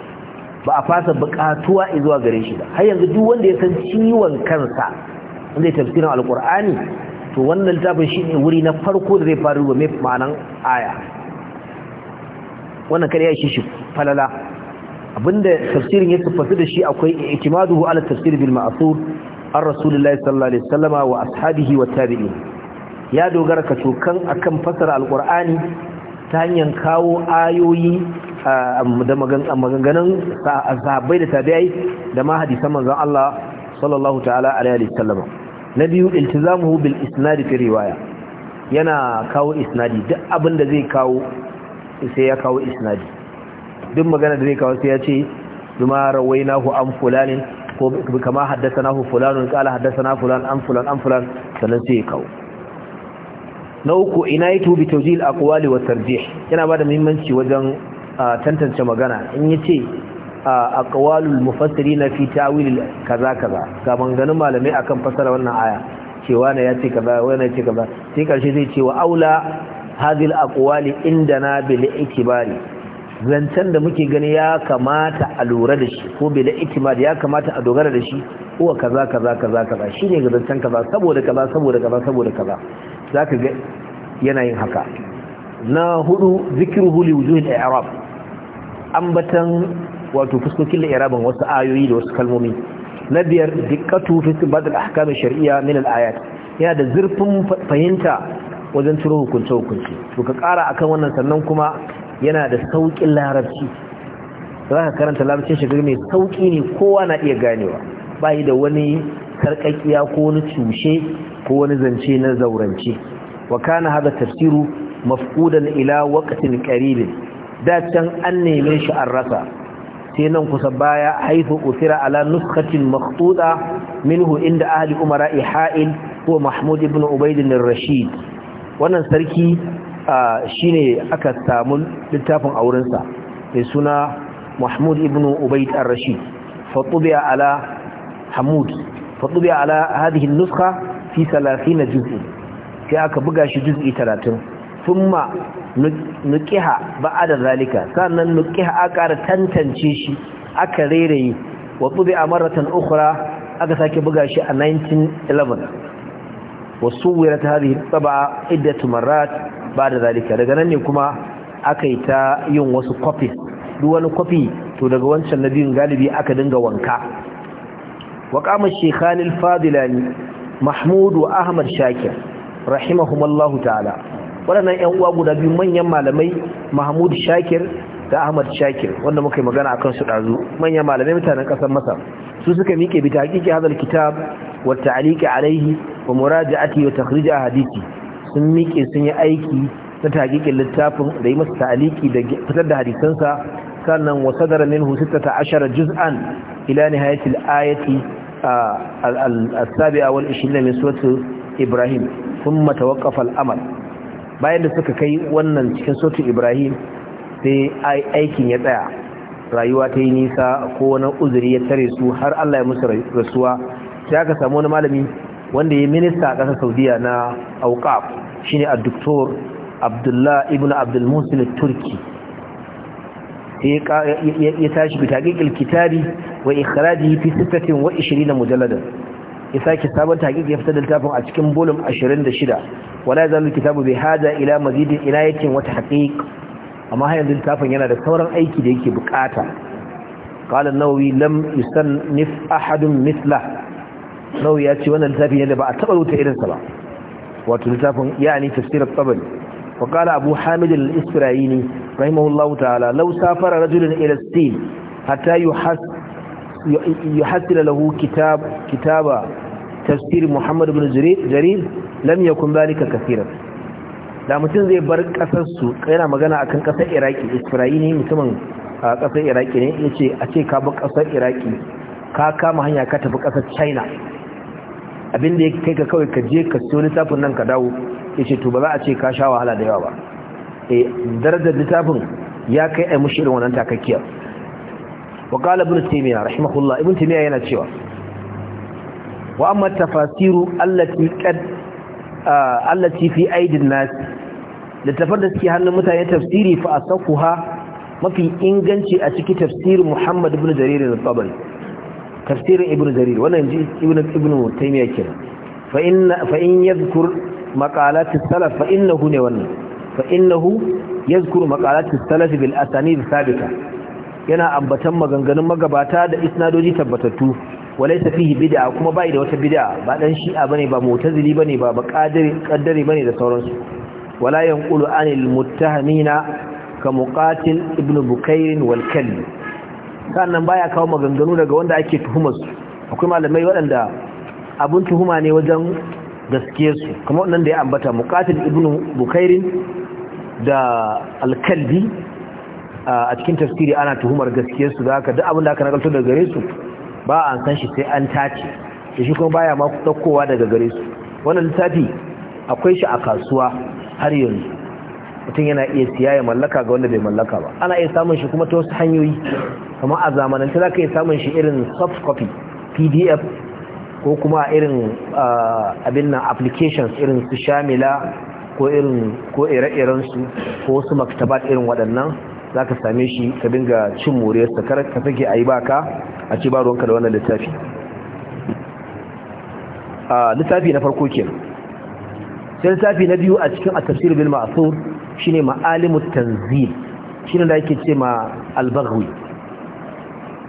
ba a fasa buƙatuwa zuwa gare shi ba har yanzu duk wanda ya san ciwon kansa wanda ya tafsirin alƙur'ani to wannan littafin shi ne wuri na farko da zai wa mai ma'anan aya wannan kare ya shi shi falala abinda tafsirin ya tafsir da shi akwai ikmaduhu ala tafsir bil An ar rasulullahi sallallahu alaihi sallama wa ashabihi wa tabi'in ya dogara ka tokan akan fasara alkur'ani ta hanyar kawo ayoyi a maganganun sahabbai da tabi'ai da ma hadisan manzan Allah sallallahu ta'ala alaihi na biyu iltizamuhu bil isnadi fi riwaya yana kawo isnadi duk abin da zai kawo sai ya kawo isnadi duk magana da zai kawo sai ya ce bima rawainahu an fulanin ko kama haddathanahu fulanun qala haddathana fulan an fulan an fulan sannan sai ya kawo na uku inayatu bi tawjih al aqwali wa tarjih yana bada muhimmanci wajen ah, tantance magana in yace mufassiri na fi ta'wil kaza kaza ga manganin malamai akan fasara wannan aya cewa ne yace kaza wani yace kaza sai karshe zai ce wa aula hadhihi aqwali indana bil itibari zancen da muke gani ya kamata a lura da shi ko bil itibari ya kamata a dogara da shi ko kaza kaza kaza kaza shine ga zancen kaza saboda kaza saboda kaza saboda kaza zaka ga yana yin haka na hudu zikruhu li wujuhil i'rab ambatan wato fuskokin la'irabin wasu ayoyi da wasu kalmomi na biyar dikkatu fi ba da ahkam shari'a min al-ayat yana da zurfin fahimta wajen ciro hukunce hukunci to ka ƙara akan wannan sannan kuma yana da sauƙin larabci za ka karanta larabcin shigar mai sauƙi ne kowa na iya ganewa bayi da wani sarƙaƙiya ko wani cushe ko wani zance na zaurance wa kana hada tafsiru mafqudan ila waqtin ƙaribin? da can an neme shi an rasa sai nan kusa baya haifu usira ala nuskatin makhtuda minhu inda ahli umara iha'il ko mahmud ibn ubaid rashid wannan sarki shine aka samu littafin aurensa mai suna mahmud ibn ubaid rashid fatubiya ala hamud fatubiya ala hadhihi fi 30 juz'i sai aka buga shi juz'i 30 thumma nukiha da zalika sannan nukiha aka tantance shi aka rereye wa tubi a maratan ukhra aka sake buga shi a 1911 wa ta hadhihi taba iddatu marrat da zalika daga nan ne kuma aka yi ta yin wasu copies duk kwafi to daga wancan na biyun galibi aka dinga wanka wa qama fadilani mahmud ahmad shakir rahimahumallahu ta'ala waɗannan 'yan uwa guda biyu manyan malamai mahmud shakir da ahmad shakir wanda muka yi magana a kansu ɗazu manyan malamai mutanen ƙasar masar su suka miƙe bita hakiki hazal kitab wa ta'aliki alaihi wa ati wa a hadisi sun miƙe sun yi aiki na tahqiqin littafin da yi masa ta'aliki da fitar da hadisansa sannan wa sadara minhu ashara juz'an ila nihayatil ayati al-sabi'a wal 20 min surati ibrahim thumma tawaqqafa al-amal bayan da suka kai wannan cikin sautin ibrahim sai aikin ya tsaya rayuwa ta yi nisa ko wani uzuri ya tare su har allah ya musu rasuwa sai aka samu wani malami wanda ya minista a ƙasar saudiya na auqaf shine a doktor abdullah ibn abdulmusul turki ya tashi bitaƙiƙil kitabi wa ikiraji fi sittatin wa ishirin mujalladan ya sake sabon tahqiq ya fitar da littafin a cikin volum 26 wala zalu kitabu bi hada ila mazidin inayatin wa tahqiq amma hayan yanzu littafin yana da sauran aiki da yake bukata qala an-nawawi lam yusannif ahadun mithla nawawi ya ce wannan littafin ne da ba a taba rubuta irin sa ba wato littafin yani tafsir at-tabari wa qala abu hamid al-isfirayini rahimahullahu ta'ala law safara rajulun ila as-sin hatta yuhas yuhasil lahu kitab kitaba tafsir muhammad bin jarir lam yakun zalika kaseeran da mutum zai bar kasar su yana magana akan kasar iraki isra'ili ne mutumin kasar iraki ne yace a ce ka bar kasar iraki ka kama hanya ka tafi kasar china abin da ya kai ka kawai ka je ka siyo littafin nan ka dawo yace to ba za a ce ka sha wahala da yawa ba eh darajar littafin ya kai a mushi irin wannan takakkiyar wa qala ibn taymiyyah rahimahullah ibn taymiyyah yana cewa wa amma tafasiru allati qad allati fi aidin nas littafar da suke hannun mutane tafsiri fa asakuha mafi inganci a cikin tafsirin Muhammad ibn Jarir al-Tabari tafsirin ibn Jarir wannan ji ibn ibn Taymiyyah kenan fa inna fa in yadhkur maqalat as-salaf fa innahu ne wannan fa innahu yadhkur maqalat as-salaf bil asanid sabita yana ambatan maganganun magabata da isnadoji tabbatattu walaysa fihi bid'a kuma bai da wata bid'a ba dan shi'a bane ba mu'tazili bane ba qadiri qaddari bane da sauransu wala yanqulu anil muttahamina ka muqatil ibn bukayr wal kalb sannan baya kawo maganganu daga wanda ake tuhumar su akwai malamai waɗanda abun tuhuma ne wajen gaske su kuma wannan da ya ambata muqatil ibn bukayr da al kalbi a cikin tafsiri ana tuhumar su da haka duk abin da aka nagalto daga gare su ba a san shi sai an tace da shi kuma baya ma ɗaukowa daga gare su wannan littafi akwai shi a kasuwa har yanzu mutum yana iya siya ya mallaka ga wanda bai mallaka ba ana iya samun shi kuma ta wasu hanyoyi kamar a zamanance za ka iya samun shi irin soft copy pdf ko kuma irin ah, abin nan applications irin su shamila ko irin ko ire su ko su maktabat irin waɗannan za ka same shi ka dinga cin moriyarsa kar ka take a yi baka a ce ba ruwanka da wannan littafi a littafi na farko ke sai littafi na biyu a cikin at-tafsir bil shi shine ma'alimu tanzil ne da yake ce ma al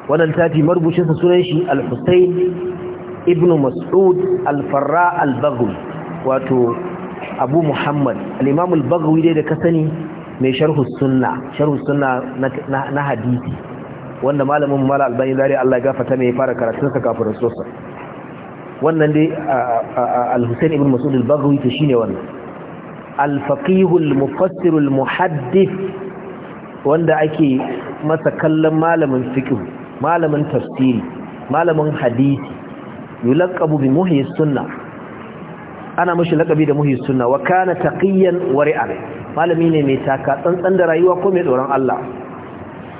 wannan littafi marubucin sa sunan shi al-husayn ibn mas'ud al-farra al-baghwi wato abu muhammad al-imam baghwi dai da ka sani mai sharhu sunna sharhu sunna na hadisi wanda malamin mu mala albani zari Allah ya gafarta mai fara karatun sa kafin rasulsa wannan dai al ibn Mas'ud al-Baghawi to shine wannan al-faqih al-mufassir al-muhaddith wanda ake masa kallon malamin fiqh malamin tafsiri malamin hadisi yulaqabu bi muhyi sunnah ana mashi lakabi da muhi suna wa kana taqiyan wari'an malami ne mai taka tsantsan da rayuwa ko mai tsoron Allah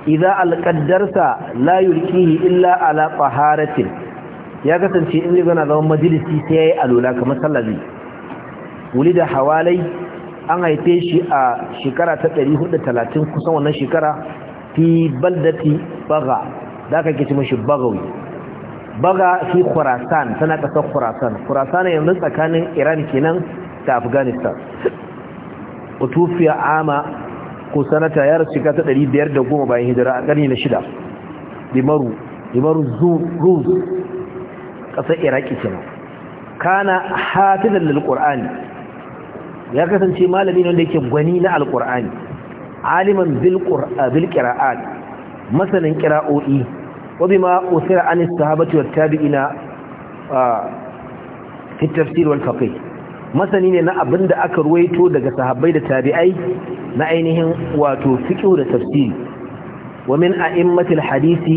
idza alqaddarsa la illa ala taharatin ya kasance in yana zaman majalisi sai yayi alula kamar sallabi wulida hawalai an haife shi a shekara ta 430 kusan wannan shekara fi baldati baga da aka kici mashi bagawi baga fi khurasan tana kasar khurasan khurasan yanzu tsakanin iran kenan da afghanistan utufiya ama ko sanata ya rasu ta 510 bayan hijira a ƙarni na shida limaru limaru zuruz ƙasar iraki kenan kana hatilan lil ya kasance malami ne wanda yake gwani na Alƙur'ani. aliman bil qur'a masanin qira'o'i وبما أثر عن الصحابة والتابعين في التفسير والفقه masani ne na abinda aka ruwaito daga sahabbai da tabi'ai na ainihin wato fiqh da tafsiri wa min a'immatil hadisi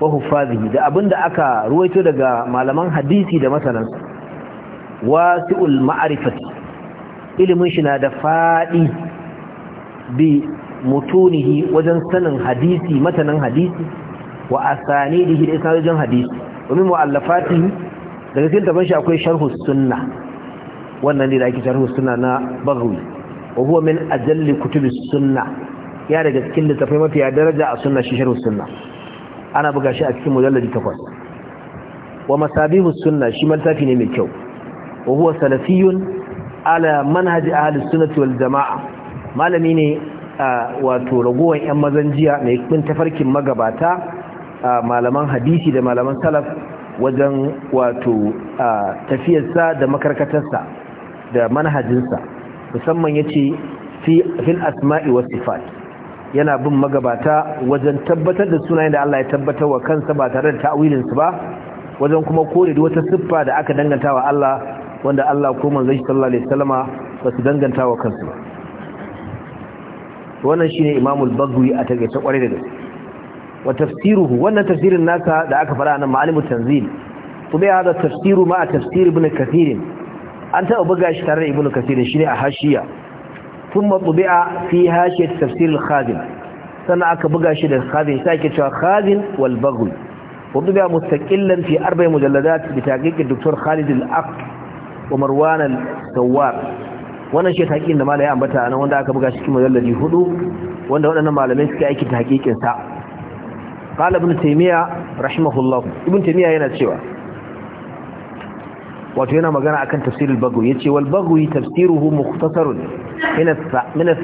wa huffazihi da abinda aka ruwaito daga malaman hadisi da masanan wasi'ul ma'rifati ilimin shi na da faɗi bi mutunihi wajen sanin hadisi masanan hadisi wa asanidihi da isnadojin hadisi domin mu'allafatihi daga cikin taban shi akwai sharhu sunna wannan ne da ake sharhu sunna na baghawi wa huwa min ajalli kutubi sunna ya daga cikin littafai ya daraja a sunna shi sharhu sunna ana buga shi a cikin mujalladi takwas wa masabihu sunna shi maltafi ne mai kyau wa huwa salafiyun ala manhaji ahli sunnati wal jamaa malami ne wato ragowar yan mazan jiya mai kun tafarkin magabata malaman hadisi da malaman salaf wajen wato tafiyarsa da makarkatarsa da manhajinsa musamman ya ce fil asma'i wa sifat yana bin magabata wajen tabbatar da sunayen da Allah ya tabbatar wa kansa ba tare da ta'awilinsu ba wajen kuma kore da wata siffa da aka danganta wa Allah wanda Allah ko manzon shi sallallahu alaihi wasallama ba su danganta wa kansu ba wannan shine imamul bagwi a take ta kware da gaske wa tafsiruhu wannan tafsirin nasa da aka fara nan ma'alimu tanzil kuma ya hada tafsiru ma a tafsir ibn kathir an taɓa buga shi tare da ibn kathir shine a hashiya thumma tubi'a fi hashiyat tafsir al-khadim sannan aka buga shi da khadim sai ake cewa khadim wal baghl وطبع مستقلا في أربع مجلدات بتحقيق الدكتور خالد الأق ومروان الثوار wannan shi tahqiqin da malai ambata anan wanda aka buga shi cikin mujalladi hudu wanda waɗannan malamai suka aiki tahqiqin sa قال ابن تيمية رحمه الله ابن تيمية هنا تشوى وتهنا مغانا أكن تفسير البغوي يتشي والبغوي تفسيره مختصر من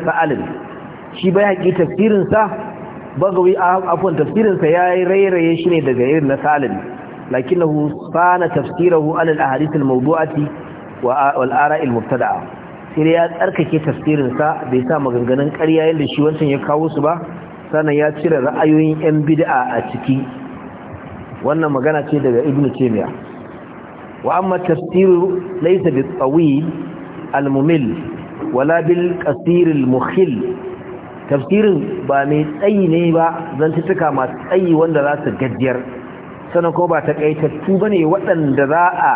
shi bai haƙi tafsirinsa bagawi afon tafsirinsa ya yi rairaye shi ne daga irin na salin lakinahu sana tafsirahu alal ahadithul mawdu'ati wa al ara'il mubtada'a sai ya tsarkake tafsirinsa bai sa maganganun ƙarya yadda shi wancan ya kawo su ba sana ya cire ra'ayoyin 'yan bid'a a ciki wannan magana ce daga ibn taymiya wa amma tafsiru laysa bi tawil al mumil wala bil qasir al mukhil tafsirin ba mai tsayi ne ba zantuttuka masu tsayi wanda za su gajiyar sana ko ba ta ba bane waɗanda za a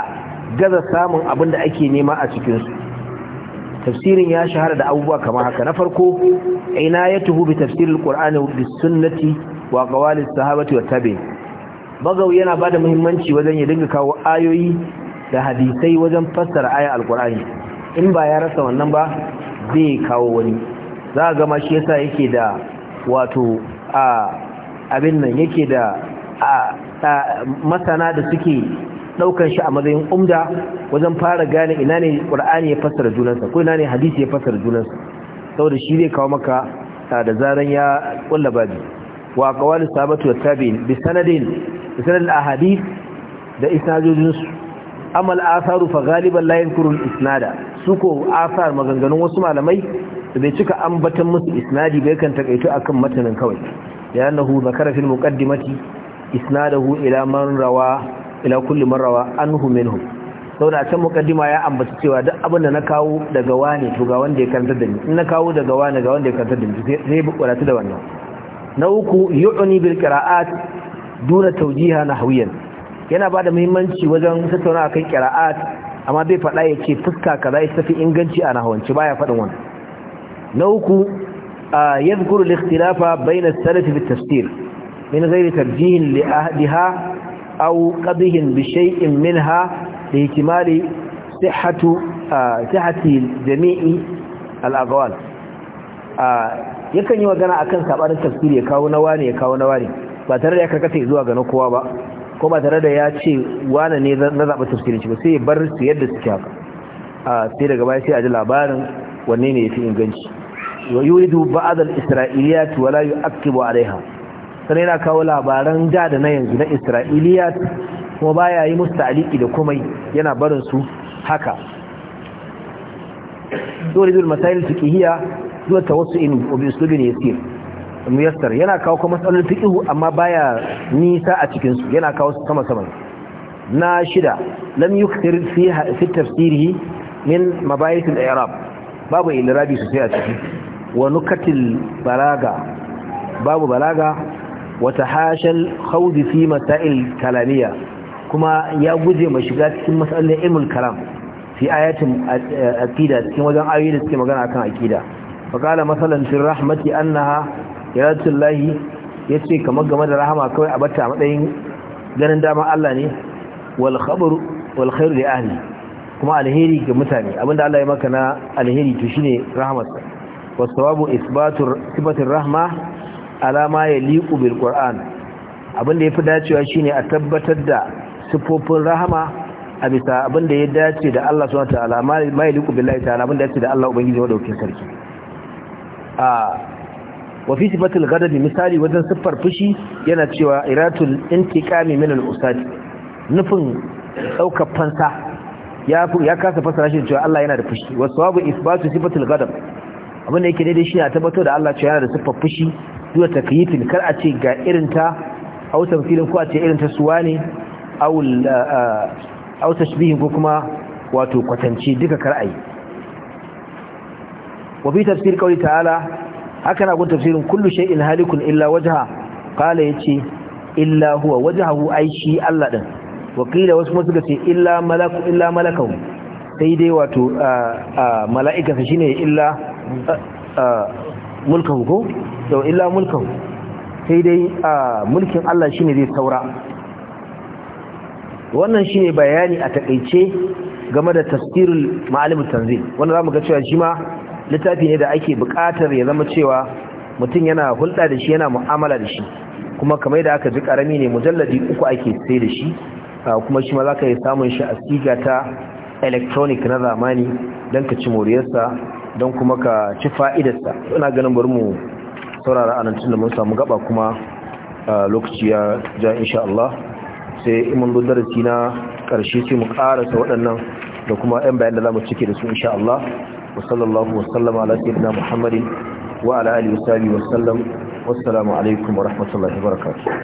gaza samun abin da ake nema a cikinsu tafsirin ya shahara da abubuwa kamar haka na farko ina ya tuhu bi tafsirin qur'ani bi sunnati wa qawalis sahabati wa tabi'in bagau yana bada muhimmanci wajen ya dinga kawo ayoyi da hadisai wajen fassara aya alqur'ani in ba ya rasa wannan ba zai kawo wani za ga ma shi yasa yake da wato a abin nan yake da masana da suke ɗaukar shi a matsayin umda wajen fara gane ina ne ƙur'ani ya fassara junansa ko ina ne hadisi ya fassara junansa saboda shi zai kawo maka ah, da zaran ya kulla babi wa qawalu sabatu wa tabi'in bi sanadin bi ahadith da isnadojin su amal atharu fa ghaliban la yankuru al isnada su ko asar maganganun wasu malamai da bai cika ambatan musu isnadi bai kan takaito akan matanin kawai ya annahu zakara fil muqaddimati isnadahu ila man rawa ila kulli marrawa anhu minhum saboda can mukaddima ya ambaci cewa duk abin da na kawo daga wani to ga wanda ya karanta da ni in na kawo daga wani ga wanda ya karanta da ni sai bi da wannan na uku yu'ni bil qira'at duna tawjiha nahwiyan yana bada muhimmanci wajen tattauna kan qira'at amma bai faɗa ya ke fuska kaza ya tafi inganci a nahawance baya faɗin wannan na uku yadhkuru al-ikhtilafa bayna as-salaf fi at-tafsir min ghairi tarjih li ahdiha أو قبه بشيء منها لاهتمال صحة صحة جميع الأقوال yakan yi magana akan sabanin tafsiri ya kawo nawa ya kawo nawa ba tare da ya karkata zuwa ga kowa ba ko ba tare da ya ce wane ne na zaɓa tafsirin shi ba sai ya bar su yadda suke haka sai daga baya sai a ji labarin wanne ne ya fi inganci wa yuridu ba'd al-isra'iliyat wa 'alayha sannan yana kawo labaran da da na yanzu na isra'iliya kuma baya yi musu aliki da kuma yana barin su haka dole zuwa masail fiqhiyya zuwa tawassu'in wa bi uslubin yasir muyassar yana kawo kuma matsalolin fiqhu amma baya nisa a cikinsu. yana kawo sama sama na shida lam yukthir fiha fi tafsirihi min mabayis da irab babu ilrabi sosai a ciki wa nukatil balaga babu balaga wata hashen khawdi fi masail kalamiya kuma ya guje ma shiga cikin masalolin ilmul kalam fi ayatin aqida cikin wajen ayoyi da suke magana akan aqida fa qala masalan fi rahmati annaha yaratullahi yace kamar game da rahama kawai a bata matsayin ganin dama Allah ne wal khabru wal li ahli kuma alheri ga mutane abinda Allah ya maka na alheri to shine rahmatsa wasu sawabu isbatur sifatir rahma alama ya liƙu bil qur'an abin da yafi dacewa shine a tabbatar da sifofin rahama a bisa abin ya dace da Allah subhanahu wataala ma ya liƙu billahi ta'ala abin da ya dace da Allah ubangiji madaukakin sarki a wa fi sifatil misali wajen siffar fushi yana cewa iratul intiqami min al-usad nufin daukar fansa ya kasa fasara shi cewa Allah yana da fushi wasu sawabu isbatu sifatul ghadab abin da yake daidai shi ne a tabbatar da Allah cewa yana da siffar fushi duk takyitin kar a ce ga irin ta aw filin ko a ce irin ta suwa ne a aw tashbihin ko kuma wato kwatance duka kar ayi wa bi tafsir kawai ta'ala haka na gun tafsirin kullu shay'in halikun illa wajha qala yace illa huwa wajhahu ai shi Allah din wa qila wasu suka ce illa malaku illa sai dai wato mala'ikansa shine illa mulkahu ko kyau illa mulkan sai dai mulkin Allah shi ne zai saura wannan shi ne bayani a takaice game da tafsirul ma'alim tanzi wanda zamu ga cewa shi ma littafi ne da ake buƙatar ya zama cewa mutum yana hulɗa da shi yana mu'amala da shi kuma kamar da aka ji karami ne mujalladi uku ake sai da shi kuma shi ma zaka yi samun shi a siga ta electronic na zamani don ka ci moriyarsa don kuma ka ci fa'idarsa ina ganin bari mu saurara anan tunda mun samu gaba kuma lokaci ya ja insha Allah sai in mun darasi na karshe sai mu karasa waɗannan da kuma ɗan bayan da mu cike da su insha Allah wa sallallahu wa sallama ala sayyidina Muhammadin wa ala alihi wa sahbihi wa sallam wassalamu alaikum wa rahmatullahi wa barakatuh